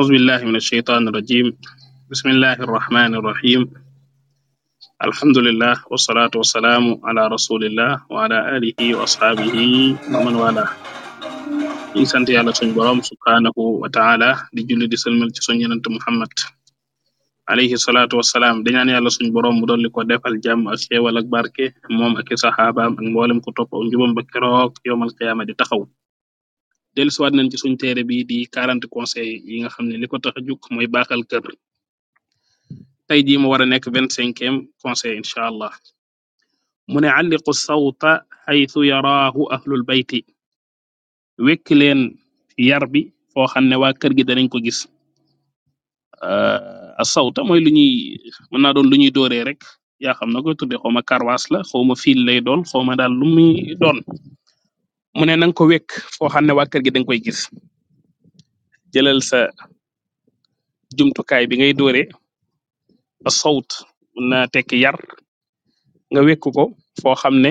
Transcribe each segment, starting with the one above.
أعوذ بالله من الشيطان الرجيم بسم الله الرحمن الرحيم الحمد لله والصلاة والسلام على رسول الله وعلى آله وأصحابه ومن والاه ñu sant yàlla suñ boroom subhaanahu di julli di sëlmal ci suñ yenant Muhammad alayhi salaatu wasalaam di ñaan yàlla suñ boroom mu dolli ko defal jàmm ak xéewal ak barke moom ak i saxaabaam ak mboolem ku topp njubam taxaw dellu siwaat nañ ci suñ teere bi di 40 conseil yi nga xam ne li ko tax a jug mooy baaxal kër tey jii mu wara nekk vingt cinquième conseil incha allah mu ne àlliqu sawta xaytu yaraahu ahlul bayti wekk leen yar bi foo xam ne waa kër gi danañ ko gis a sawta mooy lu ñuy mën naa doon lu ñuy dooree rek yaa xam na koy tudde xawma karwaas la xawma fiil lay doon xawma daal lu doon mu ne na nga ko wekk foo xam ne waa kër gi dañ koy gis jëlal sa jumtukaay bi ngay dóore a sowt mun na tekki yar nga wekk ko foo xam ne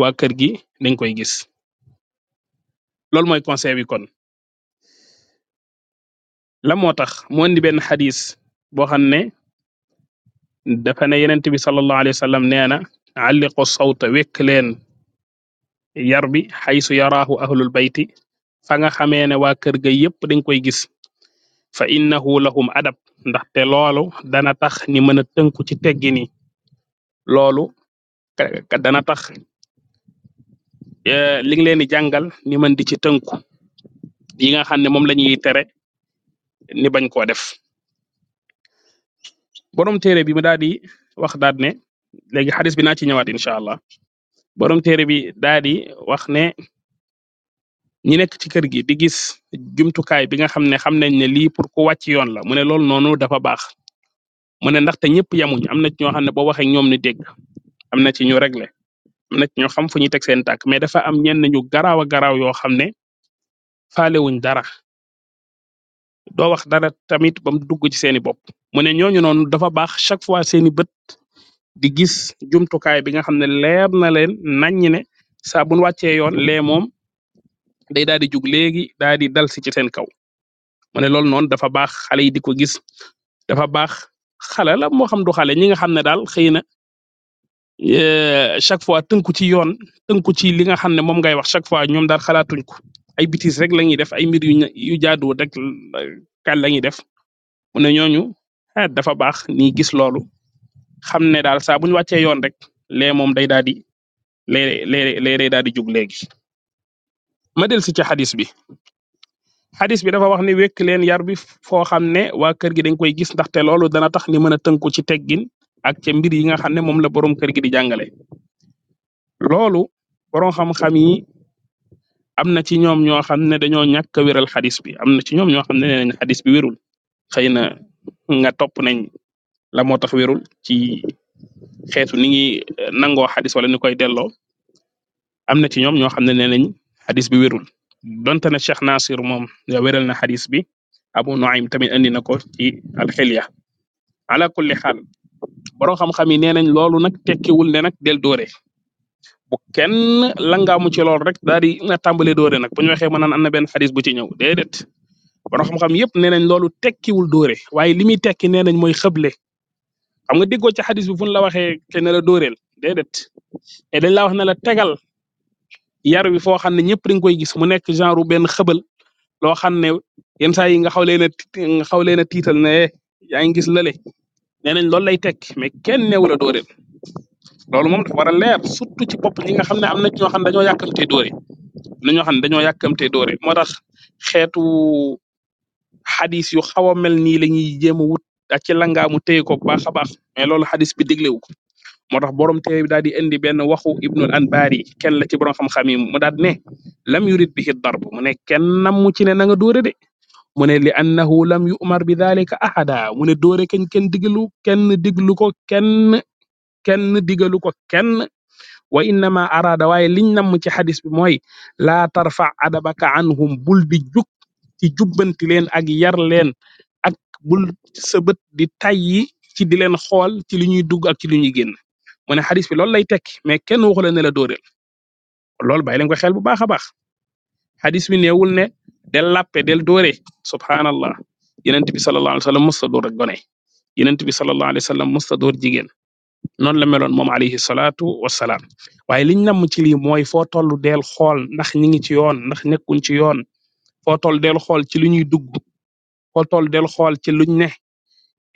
waa kër gi dañ koy gis loolu mooy conseil bi la moo tax mu indi benn xadis boo xam ne dafa ne yenent bi sallallahu a wa sallam nee na àlliqu sawta wekk yar bi xaysu yaraahu ahlul bayti fa nga xamee ne waa kër ga yépp dañ koy gis fa innahu lahum adab ndaxte loolu dana tax ni mën a tënku ci teggini loolu dana tax eh, li nga leen di jàngal ni mën di ci tënku yi nga xam ne moom lañuy tere ni bañ koo def borom téere bi mu daal di wax daat ne léegi xadis bi naa ci ñëwaat incha allah. borom téere bi daa di wax ne ñi nekk ci kër gi di gis jumtukaay bi nga xam ne xam nañ ne lii pour ku wàcc yoon la mu ne loolu noonu dafa baax mu ne ndaxte ñëpp yamuñu am na ci ñoo xam ne boo waxee ñoom ni dégg am na ci ñu réglé am na ñoo xam fu ñuy teg seen tànk mais dafa am ñenn ñu garaaw a garaaw yoo xam ne faalewuñ dara doo wax dara tamit bam mu dugg ci seeni bopp mu dafa baax chaque fois seeni bët di gis jumtukaay bi nga xam ne leer na leen naññ ne saa bu nu wàccee yoon lee moom day daal di jug léegi daal di dal si ci seen kaw mu ne loolu noonu dafa baax xale yi di ko gis dafa baax xale la moo xam du xale ñi nga xam ne daal xëy na chaque fois tënku ci yoon tënku ci li nga xam ne moom ngay wax chaque fois ñoom daal xalaatuñ ko ay bêtises rek la ñuy def ay mbir yu yu jaaduwul rek kan la def mu ne ñooñu ah, dafa baax ni gis loolu. xam ne daal saa bu ñu wàccee yoon rek lee moom day daal di lee lee lee day daal di jug léegi. ma del si ci xadis bi xadis bi dafa wax ne wekk leen yar bi foo xam ne waa kër gi dañ koy gis ndaxte loolu dana tax ni mën a tënku ci teggin ak ca mbir yi nga xam ne moom la borom kër gi di jàngale loolu borom xam-xam yi am na ci ñoom ñoo xam ne dañoo ñàkk a wéral xadis bi am na ci ñoom ñoo xam ne nee nañ xadis bi wérul xëy na nga topp nañ la moo tax wirul ci xeetu ni ngi eh, nangoo xadis wala ni koy delloo am na ci ñoom ñoo xam ne nee nañ xadis bi wérul donte na Cheikh Nasir moom wéral na xadis bi Abu Nuaym tamit andi na ko ci alxilya ala kulli xaal borom xam-xam yi nee nañ loolu nag tekkiwul ne nag del doore bu kenn langaamu ci loolu rek daal di na tàmbale doore nag bu ñu waxee ma naan am na benn xadis bu ci ñëw déedéet borom xam-xam yëpp nee nañ loolu tekkiwul doore waaye li muy tekki nee nañ mooy xëble xam nga déggoo ci xadis bi nu ñu la waxee te la dóoreel déedéet et dañ laa wax ne la tegal yar wi foo xam ne ñëpp dañ koy gis mu nekk genre benn xëbal loo xam ne yenn saa yi nga xaw leen a nga xaw leen a tiital ne eh, yaa ngi gis lale nee nañ loolu lay tekk mais kenn newu la dóoreel loolu moom dafa war a leer surtout ci bopp ñi nga xam ne am na ñoo xam ne dañoo yàkkamtee dóore am na ñoo xam ne dañoo yàkkamtee dóore moo tax xeetu xadis yu xaw a mel nii la ñuy jéem wut ak ci langaamu téye ko bu baax a baax mais loolu xadis bi diglewu ko moo tax borom téere bi di indi benn waxu ibnul anbaari kenn la ci borom xam-xam yi mu daal ne lam yurid bihi darb mu ne kenn mu ci ne na nga dóore de mu ne li annahu lam yu'mar bi dhalika ahada mu ne dóore kenn kenn diglu kenn diglu ko kenn kenn digalu ko ken wa innama araada waaye liñ namm ci xadis bi mooy laa tarfa adabaka anhum bul di jug ci jubbanti leen ak yar leen bul sa bët di tayyi ci di leen xool ci li ñuy dugg ak ci li ñuy génn mu ne xadis bi loolu lay tekki mais kenn waxu la ne la dóoreel loolu bàyyi leen ko xel bu baax a baax xadis bi neewul ne del làppe del dóore subhanallah yenent bi sallallahu alayhi wa sallam mës ta dóor ak gone yenent bi sallallahu alayhi wa sallam mës ta dóor jigéen noonu la meloon moom alayhi salaatu wasalaam waaye liñ namm ci lii mooy foo toll del xool ndax ñi ngi ci yoon ndax nekkuñ ci yoon foo toll del xool ci li ñuy dugg foo toll del xool ci luñ ne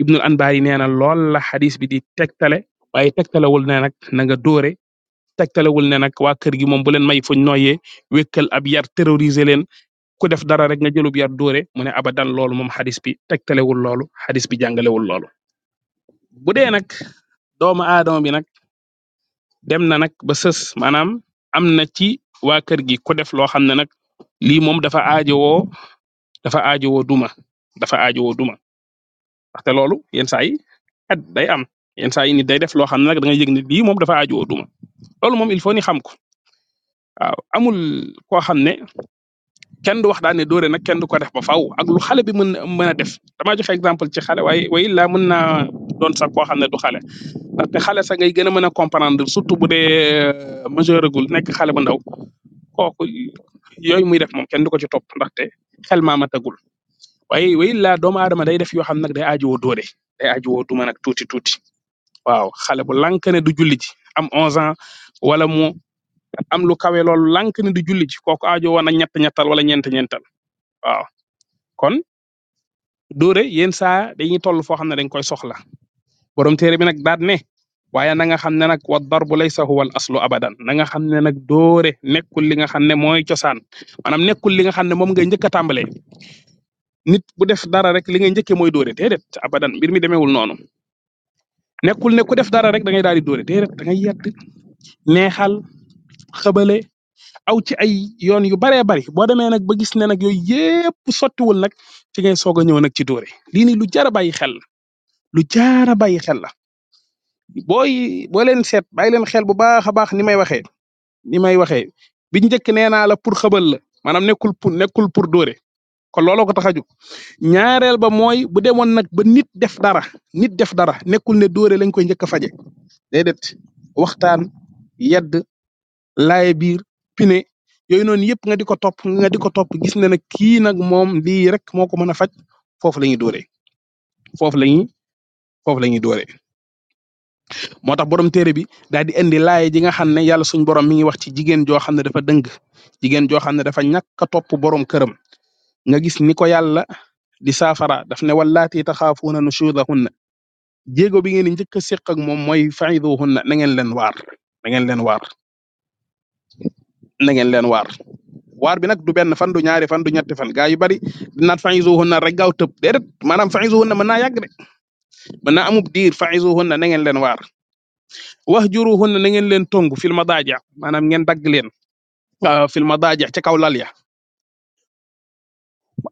Ibnul Anbar yi nee na lool la xadis bi di tegtale waaye tegtalewul ne nag na nga dóore tegtalewul ne nag waa kër gi moom bu leen may fuñ nooyee wékkal ab yar terroriser leen ku def dara rek nga jëlub yar dóore mu ne abadan loolu moom xadis bi tegtalewul loolu xadis bi jàngalewul loolu bu dee nag doomu aadama bi nag dem na nag ba sës maanaam am na ci waa kër gi ku def loo xam ne nag lii moom dafa aajowoo dafa aajowoo duma dafa aajowoo duma ndaxte loolu yenn saa yi at day am yenn saa yi nit day def loo xam ne nag da ngay yëg ni lii moom dafa aajowoo duma loolu moom il faut ni xam ko waaw amul koo xam ne kenn du wax daal ne dóore na kenn du ko def ba faw a lu xale bi mën mën a def damaa joxe exemple ci xale waaye waaye laa mën naa doon sax koo xam ne du xale ndaxte xale sax ngay gën a mën a comprendre surtout bu dee euh, majeur agul xale ba ndaw kooku yooyu muy def mom kenn du ko ci topp ndaxte xel maa matagul waaye wa la doomu aadama day def yoo xam nag day aajowoo doole day aajowoo duma nag tuuti tuuti waaw xale bu lànk ne du julli ji am 11 ans wala mu am lu kawe loolu lànk ne du julli ji kooku aajowoo na ñett ñettal wala ñeent ñeental waaw kon dóore yenn saa dañuy toll foo xam ne dañ koy soxla borom téere bi nag daat ne waaye na nga xam ne nag wa darbu laysa huwa al aslu abadan na nga xam ne nag dóore nekkul li nga xam ne mooy cosaan maanaam nekkul li nga xam ne moom nga njëkk a tàmbalee nit bu def dara rek li ngay njëkkee mooy dóore déedéet abadan mbir mi demeewul noonu nekkul ne ku def dara rek da ngay daal di dóore déedéet da ngay yedd neexal xëbale aw ci ay yoon yu baree bari boo demee nag ba gis ne nag yooyu yépp sottiwul nag ci ngay soog a ñëw nag ci dóore lii nii lu jar a bàyyi xel la lu jar a bàyyi xel la booy boo leen seet bàyyi leen xel bu baax a baax ni may waxee ni may waxee bi njëkk nee naa la pour xëbal la maanaam nekkul pour nekkul pour dóore kon looloo ko tax ñaareel ba mooy bu demoon nag ba nit def dara nit def dara nekkul ne dóore lañ koy njëkk a faje déedéet waxtaan yedd laaye biir pine yooyu noonu yëpp nga di ko topp nga di ko topp gis ne nag kii nag moom lii rek moo ko mën a faj foofu la ñuy dóore foofu la ñuy foofu la ñuy dóore moo tax borom téere bi daal di indi laaye ji nga xam ne yàlla suñ borom mi ngi wax ci jigéen joo xam ne dafa dëng jigéen joo xam ne dafa ñàkk a topp borom këram nga gis ni ko yàlla di saafara daf ne wallaati taxaafuuna nushuzahunna jéego bi ngeen di njëkk a séq ak moom mooy fa'iduhunna na ngeen leen waar na ngeen leen waar na ngeen leen waar waar bi nag du benn fan du ñaari fan du ñetti fan gaa yu bari dinaat fa'izuhunna rek gaaw tëb déedéet maanaam fa'izuhunna mën naa yàgg de mën naa amub diir fa'izuhunna na ngeen leen waar wahjuruhunna na ngeen leen tongu fil madaaja maanaam ngeen dagg leen ah, fil madaaja ca kaw lal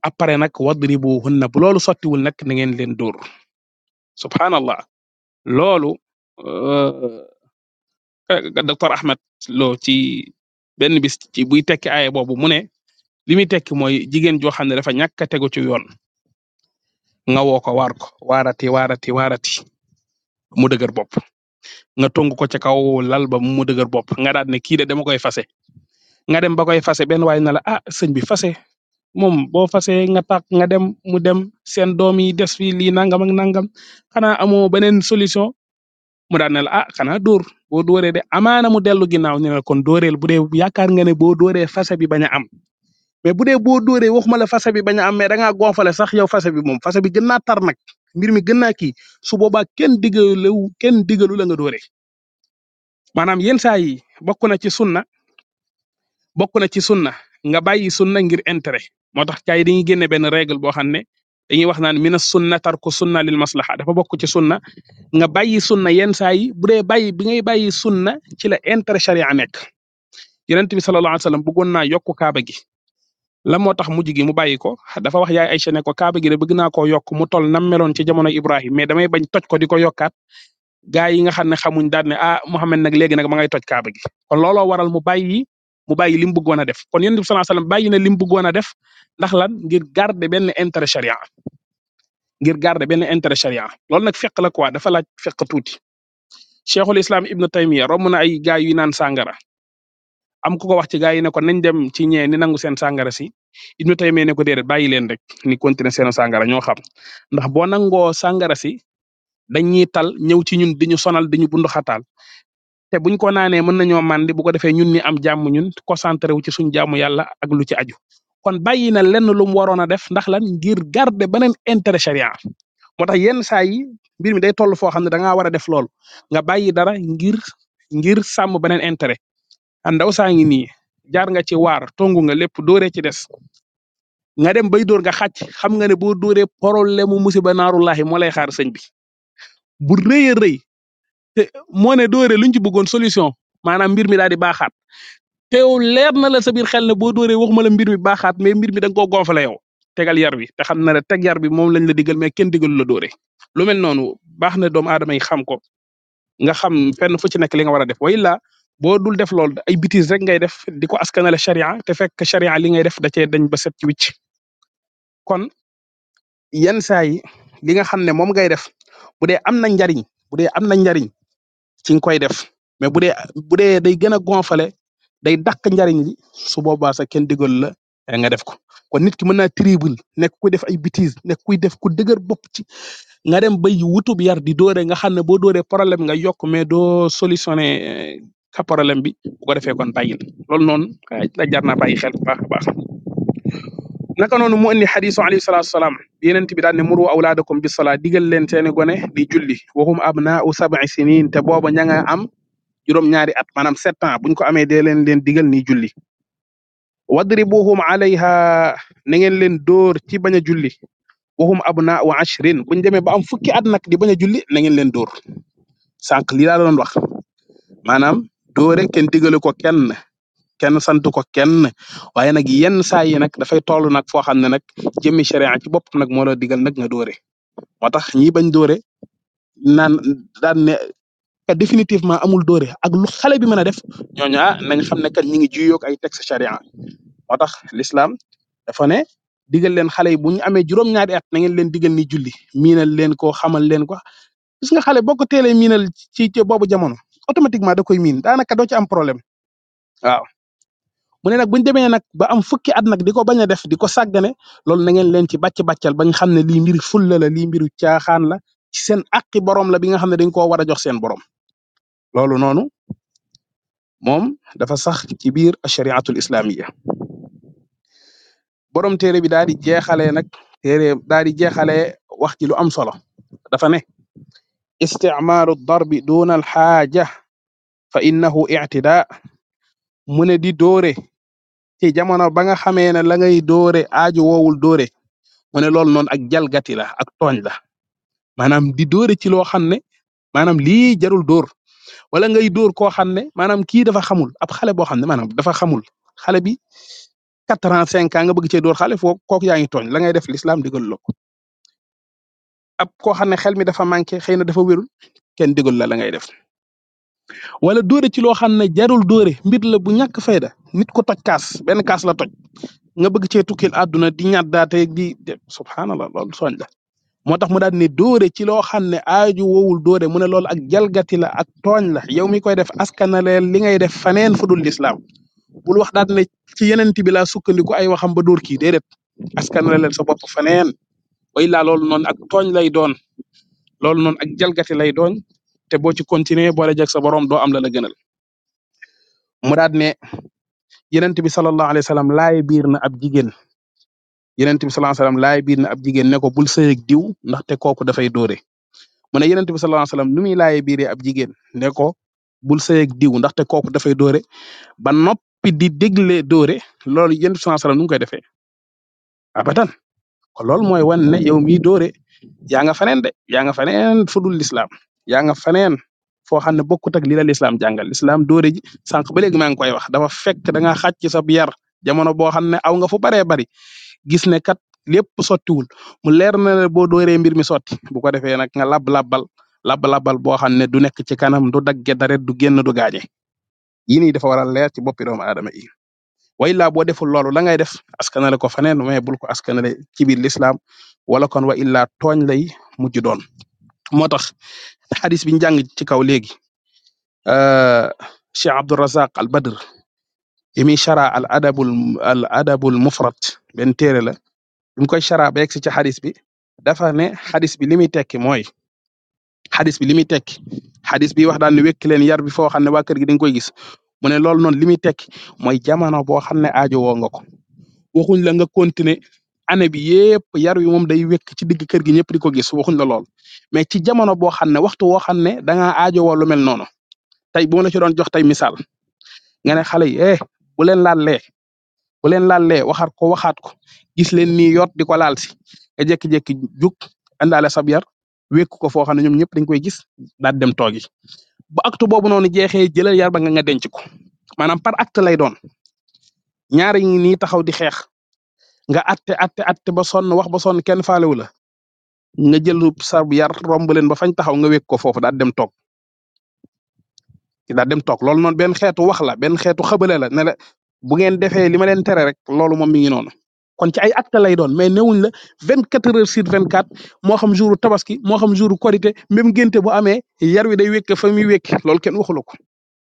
après nag wadribuhunna bu loolu sottiwul nag na ngeen leen dóor subhanallah loolu euh, docteur Ahmed Lo ci benn bis ci buy tekki aaye boobu mu ne li muy tekki mooy jigéen joo xam ne dafa ñàkk a tegu ci yoon nga woo ko waar ko waarati waarati waarati mu dëgër bopp nga tung ko ca kaw lal ba mu dëgër bopp nga daal ne kii de dama koy fase nga dem ba koy fase benn waaye na la ah sëñ bi fase moom boo fasee nga tàq nga dem mu dem seen doom yi des fii lii nangam ak nangam xanaa amoo beneen solution mu daan ne la ah xanaa dóor boo dóoree de amaana mu dellu ginnaaw ñu ne la kon dóoreel bu dee yaakaar nga ne boo dóoree fase bi bañ am mais bu dee boo dóoree waxuma la fase bi bañ a am mais da ngaa gonfale sax yow fase bi moom fase bi gën naa tar nag mbir mi gën naa kii su boobaa kenn digalewu kenn digalu la nga dóoree maanaam yenn ci sunna na nga bàyyi sunna ngir intérêt moo tax gars yi dañuy génne benn règle boo xam ne dañuy wax naan mina sunna tarku sunna lil maslaha dafa bokk ci sunna nga bàyyi sunna yenn saa yi bu dee bàyyi bi ngay bàyyi sunna ci la intérêt sharia nekk yonent bi sallallahu alayhi wasallam bëggoon naa yokk kaaba gi la moo tax mu gi mu bàyyi ko dafa wax yaay Aysa ne ko kaaba gi de bëgg naa koo yokk mu toll nam meloon ci jamono Ibrahim mais damay bañ toj ko di ko yokkaat gaa yi nga xam ne xamuñ daal ne ah Muhammad nag léegi nag ma ngay toj kaaba gi waral mu bàyyi mu bàyyi lim bëggoon a def kon yonent bi sallallahu bàyyi na lim bëggoon a def ndax lan ngir garder benn intérêt sharia ngir garder benn intérêt sharia loolu nag fiq la quoi dafa laaj fiq tuuti cheikhul islam ibnu taymiya romb na ay gaay yu naan sàngara am ku ko wax ci gaay yi ne ko nañ dem ci ñee ni nangu seen sàngara si ibnu taymiya ne ko déedéet bàyyi leen rek ni continuer seen sàngara ñoo xam ndax boo nangoo sàngara si dañuy tal ñëw ci ñun diñu sonal diñu bundu xataal te buñ ko naanee mën nañoo màndi bu ko defee ñun ni am jàmm ñun concentré wu ci suñ jàmm yàlla ak lu ci aju kon bàyyi na lenn lu mu waroon a def ndax lan ngir garder beneen intérêt charia moo tax yenn saa yi mbir mi day toll foo xam ne da war a def loolu nga bàyyi dara ngir ngir sàmm beneen intérêt ndaw saa ngi nii jaar nga ci waar tongu nga lépp dóoree ci des nga dem bay dóor nga xàcc xam nga ne boo dóoree problème mu musiba naaru laahi moo lay xaar sëñ bi bu rëy rëy te moo ne doore luñ ci bëggoon solution maanaam mbir mi daal di baaxaat te yow leer na la sa biir xel ne boo dooree waxuma la mbir mi baaxaat mais mbir mi da nga koo gonfale yow tegal yar bi te xam na ne teg yar bi moom lañ la digal mais kenn digalu la doore lu mel noonu baax na doomu aadama yi xam ko nga xam fenn fu ci nekk li nga war a def way la boo dul def loolu ay bêtises rek ngay def di ko askanale charia te fekk charia li ngay def da cee dañ ba set ci wicc kon yenn saa yi li nga xam ne moom ngay def bu dee am na njariñ bu dee am na njariñ ci nga koy def mais :fra bu dee bu dee day gën a gonfale day dàq njariñ li su boobaa sax kenn digalu la eh, nga def ko kon nit ki mën naa triple nekk kuy def ay bêtises :fra nekk kuy def ku dëgër bok ci nga dem bay wutub yar di dóore nga xam ne boo dóoree problème :fra nga yokk mais :fra doo solutionné :fra eh, %e sa bi bu ko defee kon bàyyil loolu noonu %e jar naa bay xel bu naka noonu mu indi xadisu alayhi salaatu salaam yonent bi daal ne muru awlaadakum bi salaa digal leen seeni gone di julli waxum abnaau sab'i sinin te booba ña nga am juróom-ñaari at maanaam sept ans buñ ko amee de leen leen digal ni juli julli wadribuhum alayha na ngeen leen dóor ci bañ a julli waxum abnaau ashrin buñ demee ba am fukki at nag di bañ a julli na ngeen leen dóor sànq lii laa doon wax maanaam kenn digalu ko kenn kenn santu ko kenn waaye nag yenn saa yi nag dafay toll nag foo xam ne nag jëmmi ci boppam nag moo la digal nag nga dóore moo tax ñi bañ dóore naan daan ne kat amul dóore ak lu xale bi mën a def ñooñu ah nañ xam ne kat ñi ngi juyoog ay moo tax l'islam dafa ne digal leen xale yi bu ñu amee juróom-ñaari at na ngeen leen digal ni julli miinal leen ko xamal leen ko gis xale boo ko teelee miinal ci ci boobu jamono automatiquement da koy miin daanaka doo ci am mu ne nag bu ñu demee nag ba am fukki at nag di ko bañ a def di ko sàggane loolu na ngeen leen ci bàcc bàccal ba nga xam ne lii mbir fulla la lii mbiru caaxaan la seen aqi borom la bi nga xam ne dañ koo war a jox seen borom loolu noonu moom dafa sax ci biir ashariatul islamiya borom téere bi daal di jeexalee nag téere daal di jeexalee wax ci lu am solo dafa ne isticmaalu darbi duuna alxaaja fa innahu ictidaa mu ne di doore ci jamono ba nga xamee ne la ngay doore aaju woowul doore mu ne loolu noonu ak jalgati la ak tooñ la maanaam di doore ci loo xam ne maanaam lii jarul dóor wala ngay dóor koo xam ne maanaam kii dafa xamul ab xale boo xam ne maanaam dafa xamul xale bi quatre ans cinq ans nga bëgg cee dóor xale foo kooku yaa ngi tooñ la ngay def lislaam digal la ko ab koo xam ne xel mi dafa manqué xëy na dafa wérul kenn digal la la ngay def wala dóore ci loo xam ne jarul dóore mbir la bu ñàkk fayda nit ko toj kaas benn kaas la toj nga bëgg cee tukkil àdduna di ñaat daate di subhanallah loolu soñ la moo tax mu daal ne dóore ci loo xam ne aaju wowul dóore mu ne loolu ak jalgati la ak tooñ la yow mi koy def askanaleel li ngay def faneen fu dul lislaam bul wax daal ne ci yeneen bi laa sukkandiku ay waxam ba dóor kii déedéet askanaleel sa bopp faneen way laa loolu ak tooñ lay doon loolu noonu ak jalgati lay doon te boo ci continuer boole jag sa doo am la la gënal ne yenent bi sallallahu alayhi wa laay biir na ab jigéen yenent bi sallallahu laay biir na ab jigéen ne ko bul sëyeg diw ndaxte kooku dafay dóore mu ne yenent bi sallallahu alayhi wa sallam nu ab jigéen ne ko bul sëyeg diw ndaxte kooku dafay dóore ba noppi di dégle dóore loolu yenent bi sallallahu alayhi koy defee abadan kon loolu mooy wan ne yow miy dóore yaa nga faneen de yaa nga faneen fudul lislaam yaa nga faneen foo xam ne bokkut ak li la lislaam jàngal lislaam doore ji sànq ba léegi maa ngi koy wax dafa fekk da ngaa xàcc sa yar jamono boo xam ne aw nga fu baree bari gis ne kat lépp sottiwul mu leer na la boo dooree mbir mi sotti bu ko defee nag nga lab labbal lab labbal boo xam ne du nekk ci kanam du dagge daret du génn du gaañe yii nii dafa waral a leer ci boppi doomu aadama yi way boo deful loolu la ngay def askanale ko faneen mais bul ko askanale ci biir lislaam wala kon wa illaa tooñ lay mujj doon xadis bi njàng ci kaw léegi euh, Cheikh Abdurazaq al Badr yimi chara al adabul al adabul mufrad benn téere la bi koy chara ba yegsi ci xadis bi dafa ne xadis bi li muy tekki mooy xadis bi li muy tekki xadis bi wax daal ne wekk leen yar bi foo xam ne waa kër gi dañ koy gis mu ne loolu noonu li muy tekki mooy jamono boo xam ne aajo woo nga ko waxuñ la nga continuer année bi yépp yar wi moom day wekk ci digg kër gi ñëpp di ko gis waxuñ la lool mais ci jamono boo xam ne waxtu woo xam ne da ngaa aajowoo lu mel noonu tey boo la ci doon jox tey misaal nga ne xale yi eh bu leen laal bu leen laal waxaat ko waxaat ko gis leen nii yoot di ko laal si nga jékki-jékki jug sab yar wekk ko foo xam ne ñoom ñëpp dañ koy gis daal dem toogi ba acte boobu noonu jeexee jëlal yar ba nga nga denc ko maanaam par acte lay doon ñaari ñi nii taxaw di xeex nga atte atte atte ba son sonn wax ba son kenn faalewu la nga jël sab yar romb leen ba fañ taxaw nga wékk ko foofu daal dem toog daal dem toog loolu noonu benn xeetu wax la benn xeetu xëbale la ne la bu ngeen defee li ma leen tere rek loolu moom mi ngi noonu kon ci ay acte lay doon mais newuñ la vingt quatre heures sur vingt quatre moo xam jouru tabaski moo xam jouru korité même ngénte bu amee yar wi day wékk fa muy wékk loolu kenn waxula ko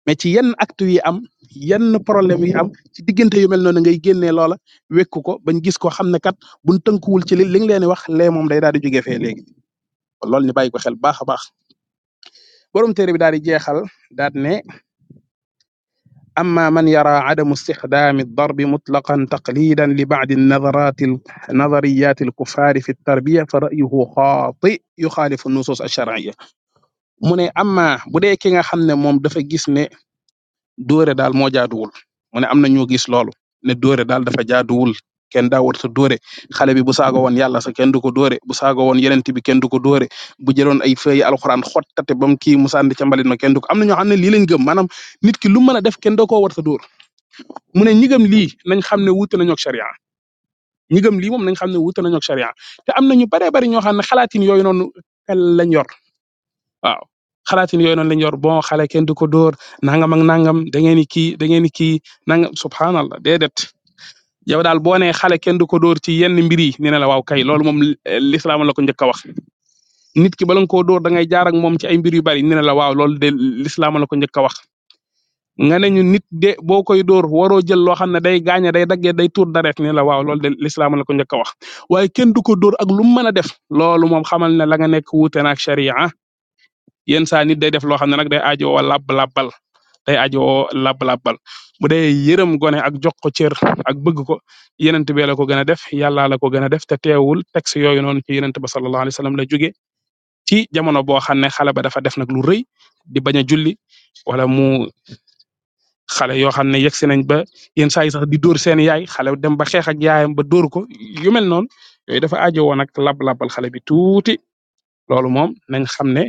mais ci yenn acte yi am yenn problème yi am ci diggante yu mel noonu ngay génnee loola wekku ko bañ gis ko xam ne kat buñ tënkuwul ci li li nga leen di wax le moom day daal di jóge fee léegi kon loolu ñu bàyyi ko xel baax a baax borom téere bi daal di jeexal daal ne amma man yara adamu istixdaami darbi mutlaqan taqlidan li bacdi nadaraati nadariyaati alkufaari fi tarbiya fa ra'yuhu xaati yuxaalifu nusuus alsharciya mu ne amma bu dee ki nga xam ne moom dafa gis ne dóore daal moo jaaduwul mu ne am na ñoo gis loolu ne dóore daal dafa jaaduwul kenn daa warta dóore xale bi bu saago woon yàlla sa kenn du ko dóore bu saago woon yenente bi kenn du ko dóore bu jëloon ay feuille alxuraan xottate bam kii mu sànni ca mbalit ma kenn du ko am na ne lii lañ gëm maanaam nit ki lu mën a def kenn doo koo warta dóor mu ne ñi gëm lii nañ xam ne wuute nañoo ak sharia ñi gëm lii moom nañ xam ne wuute nañoo ak te am na ñu baree bari ñoo xam ne xalaatin yooyu noonu kal lañ yor waaw xalaatin yooyu noonu lañ yor bon xale kenn du ko dóor nangam ak nangam ni kii da ngeen ni kii nangam subhanallah déedéet yow daal boo nee xale kenn du ko dóor ci yenn mbir yi nee na la waaw kay loolu moom eh, lislaam la ko njëkk wax nit ki bala nga koo dóor da ngay jaar ak moom ci ay mbir yu bari nee na la waaw loolu de lislaam la ko njëkk wax nga ne ñu nit de boo koy dóor waroo jël loo xam ne day gaañe day daggee day tuur dareet ne a waaw loolu de lislaam la ko njëkk wax waaye kenn du ko dóor ak lu mu mën a def loolu moom xamal ne la nga nekk wuute ak sharia yenn saa nit day def loo xam ne nag day aajowoo làbb-làbbal day aajowoo làbb-làbbal bu dee yërëm gone ak jox ko cër ak bëgg ko yenent bee la ko gën a def yàllaa la ko gën a def te teewul texte yooyu noonu ci yenent ba sallallahu alayhi wasallam la jóge ci jamono boo xam ne xale ba dafa def nag lu rëy di bañ a julli wala mu xale yoo xam ne yegsi nañ ba yenn saa yi sax di dóor seen yaay xale dem ba xeex ak yaayam ba dóor ko yu mel noonu yooyu dafa aajo woon ak lab xale bi tuuti loolu moom nañ xam ne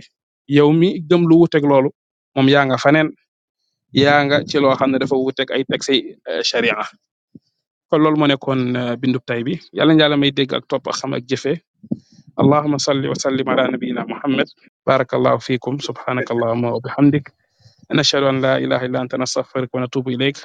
yow mi gëm lu wuuteeg loolu moom yaa nga faneen yaa nga ci loo xam ne dafa wuuteeg ay texte euh, sharia kon loolu moo nekkoon euh, bindub tay bi yàlla na yàlla may dégg ak topp ak xam ak jëfe allahuma salli wa sallim ala nabiyina muhammad barakallahu fikum subhanaka allahuma wa bihamdik nashhadu an la ilaha illa anta nastaghfiruka wa natubu ilayk